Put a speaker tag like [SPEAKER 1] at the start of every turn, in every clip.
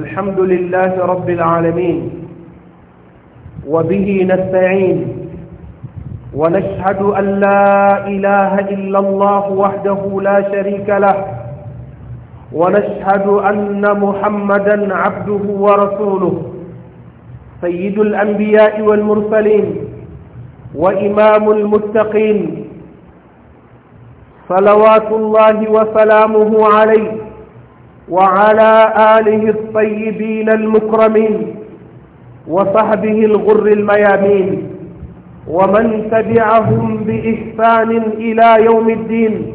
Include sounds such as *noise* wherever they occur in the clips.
[SPEAKER 1] الحمد لله رب العالمين وبه نستعين ونشهد أن لا إله إلا الله وحده لا شريك له ونشهد أن محمدا عبده ورسوله سيد الأنبياء والمرسلين وإمام المتقين صلوات الله وسلامه عليه وعلى آله الطيبين المكرمين وصحبه الغر الميامين ومن تبعهم بإحسان إلى يوم الدين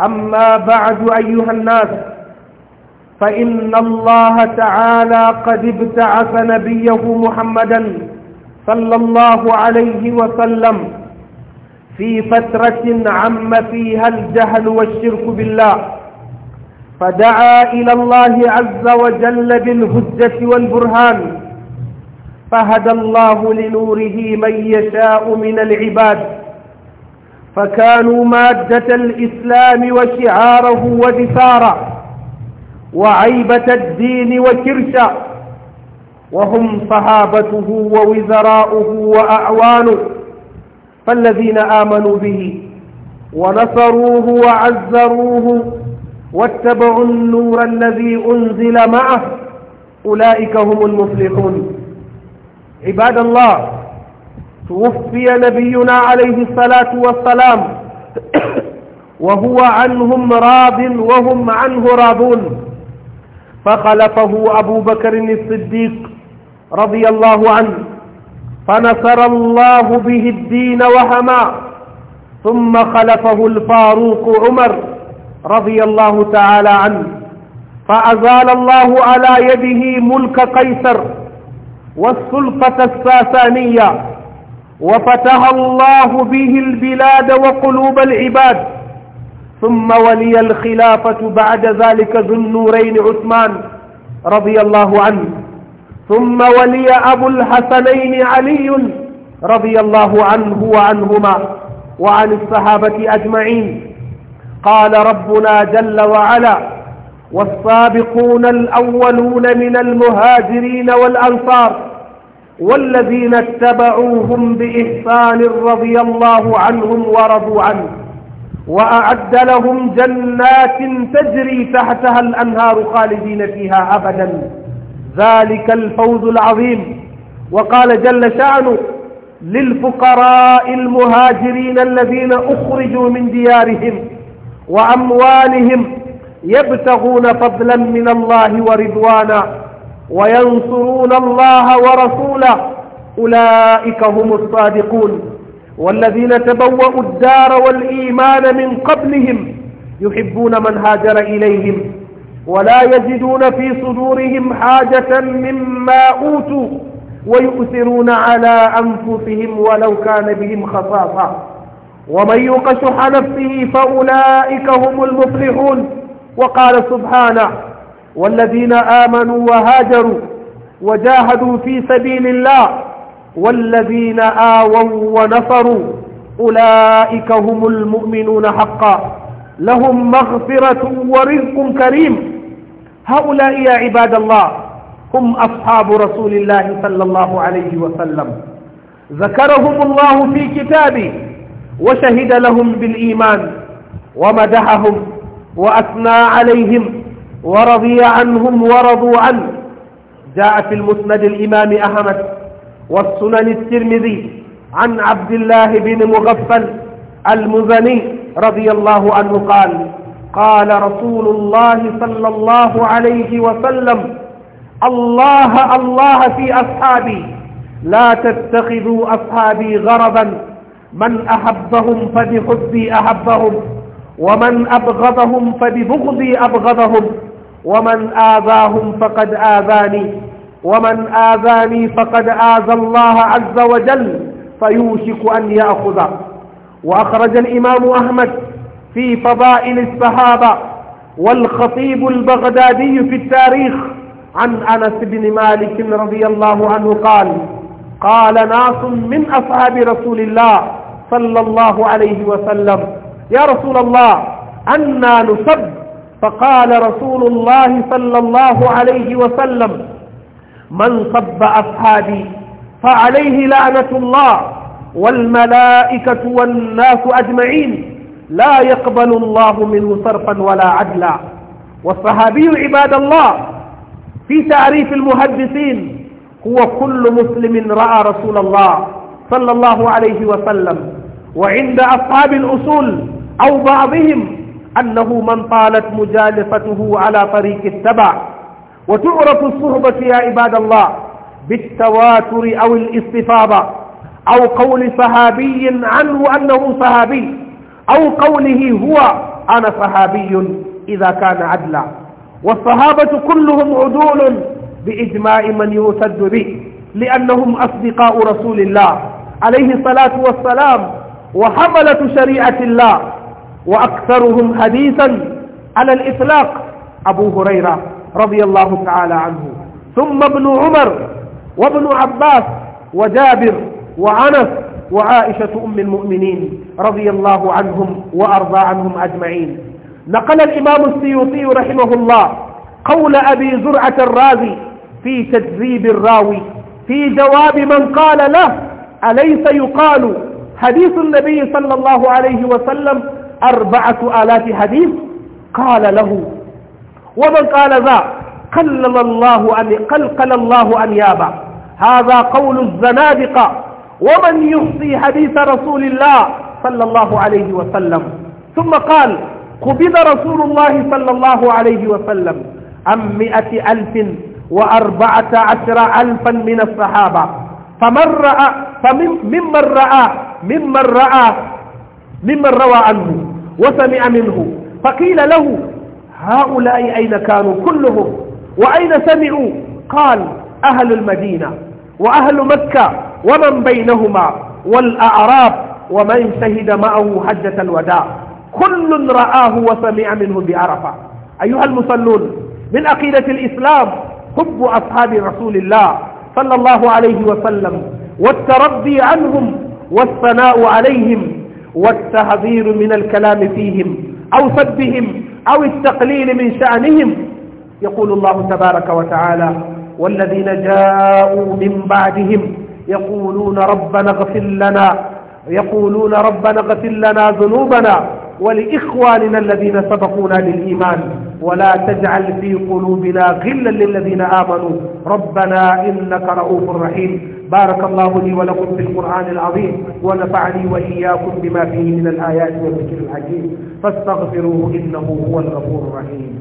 [SPEAKER 1] أما بعد أيها الناس فإن الله تعالى قد ابتعث نبيه محمدا صلى الله عليه وسلم في فترة عم فيها الجهل والشرك بالله فدعا إلى الله عز وجل بالهجة والبرهان فهدى الله لنوره من يشاء من العباد فكانوا مادة الإسلام وشعاره ودثارا وعيبة الدين وكرشا وهم صحابته ووزراؤه وأعوانه فالذين آمنوا به ونصروه وعزروه واتبعوا النور الذي أنزل معه أولئك هم المفلحون عباد الله توفي نبينا عليه الصلاة والسلام *coughs* وهو عنهم راض وهم عنه راضون فخلفه أبو بكر الصديق رضي الله عنه فنصر الله به الدين وهما ثم خلفه الفاروق عمر رضي الله تعالى عنه فأزال الله على يده ملك قيصر والسلطة الساسانية وفتح الله به البلاد وقلوب العباد ثم ولي الخلافة بعد ذلك ذو النورين عثمان رضي الله عنه ثم ولي أبو الحسنين علي رضي الله عنه وعنهما وعن الصحابة أجمعين قال ربنا جل وعلا والسابقون الأولون من المهاجرين والأنصار والذين اتبعوهم بإحسان رضي الله عنهم ورضوا عنه وأعد لهم جنات تجري تحتها الأنهار خالدين فيها أبدا ذلك الفوز العظيم وقال جل شأنه للفقراء المهاجرين الذين أخرجوا من ديارهم وأموالهم يبتغون فضلا من الله ورضوانا وينصرون الله ورسوله أولئك هم الصادقون والذين تبوأوا الدار والإيمان من قبلهم يحبون من هاجر إليهم ولا يجدون في صدورهم حاجة مما أوتوا ويؤثرون على أنفسهم ولو كان بهم خصاصة ومن يوق شح نفسه فأولئك هم المفلحون وقال سبحانه والذين آمنوا وهاجروا وجاهدوا في سبيل الله والذين آووا ونصروا أولئك هم المؤمنون حقا لهم مغفرة ورزق كريم هؤلاء يا عباد الله هم أصحاب رسول الله صلى الله عليه وسلم ذكرهم الله في كتابه وشهد لهم بالإيمان ومدحهم وأثنى عليهم ورضي عنهم ورضوا عنه جاء في المسند الإمام أحمد والسنن الترمذي عن عبد الله بن مغفل المزني رضي الله عنه قال قال رسول الله صلى الله عليه وسلم الله الله في أصحابي لا تتخذوا أصحابي غرضا من أحبهم فبحبي أحبهم ومن أبغضهم فببغضي أبغضهم ومن آذاهم فقد آذاني ومن آذاني فقد آذى الله عز وجل فيوشك أن يأخذ وأخرج الإمام أحمد في فضائل الصحابة والخطيب البغدادي في التاريخ عن أنس بن مالك رضي الله عنه قال قال ناس من أصحاب رسول الله صلى الله عليه وسلم يا رسول الله أنا نسب فقال رسول الله صلى الله عليه وسلم من صب أصحابي فعليه لعنة الله والملائكة والناس أجمعين لا يقبل الله منه صرفا ولا عدلا والصحابي عباد الله في تعريف المحدثين هو كل مسلم رأى رسول الله صلى الله عليه وسلم وعند أصحاب الأصول أو بعضهم أنه من طالت مجالفته على طريق التبع وتعرف الصحبة يا عباد الله بالتواتر أو الاستفاضة أو قول صحابي عنه أنه صحابي أو قوله هو أنا صحابي إذا كان عدلا والصحابة كلهم عدول بإجماع من يوسد به لأنهم أصدقاء رسول الله عليه الصلاة والسلام وحملة شريعة الله وأكثرهم حديثا على الإطلاق أبو هريرة رضي الله تعالى عنه ثم ابن عمر وابن عباس وجابر وعنف وعائشة أم المؤمنين رضي الله عنهم وأرضى عنهم أجمعين نقل الإمام السيوطي رحمه الله قول أبي زرعة الرازي في تجذيب الراوي في جواب من قال له أليس يقال حديث النبي صلى الله عليه وسلم أربعة آلاف حديث قال له ومن قال ذا قلل الله أن قلقل الله أن يابا هذا قول الزنادقة ومن يحصي حديث رسول الله صلى الله عليه وسلم ثم قال قبض رسول الله صلى الله عليه وسلم عن مئة ألف وأربعة عشر ألفا من الصحابة فمن رأى فممن رأى ممن رأى ممن روى عنه وسمع منه فقيل له هؤلاء أين كانوا كلهم وأين سمعوا قال أهل المدينة وأهل مكة ومن بينهما والأعراب ومن شهد معه حجة الوداع كل رآه وسمع منه بعرفة أيها المصلون من عقيدة الإسلام حب أصحاب رسول الله صلى الله عليه وسلم والتربي عنهم والثناء عليهم والتحذير من الكلام فيهم أو سبهم أو التقليل من شأنهم يقول الله تبارك وتعالى والذين جاءوا من بعدهم يقولون ربنا اغفر لنا يقولون ربنا اغفر لنا ذنوبنا ولإخواننا الذين سبقونا للإيمان ولا تجعل في قلوبنا غلا للذين آمنوا ربنا إنك رؤوف رحيم بارك الله لي ولكم في القرآن العظيم ونفعني وإياكم بما فيه من الآيات والذكر الحكيم فاستغفروه إنه هو الغفور الرحيم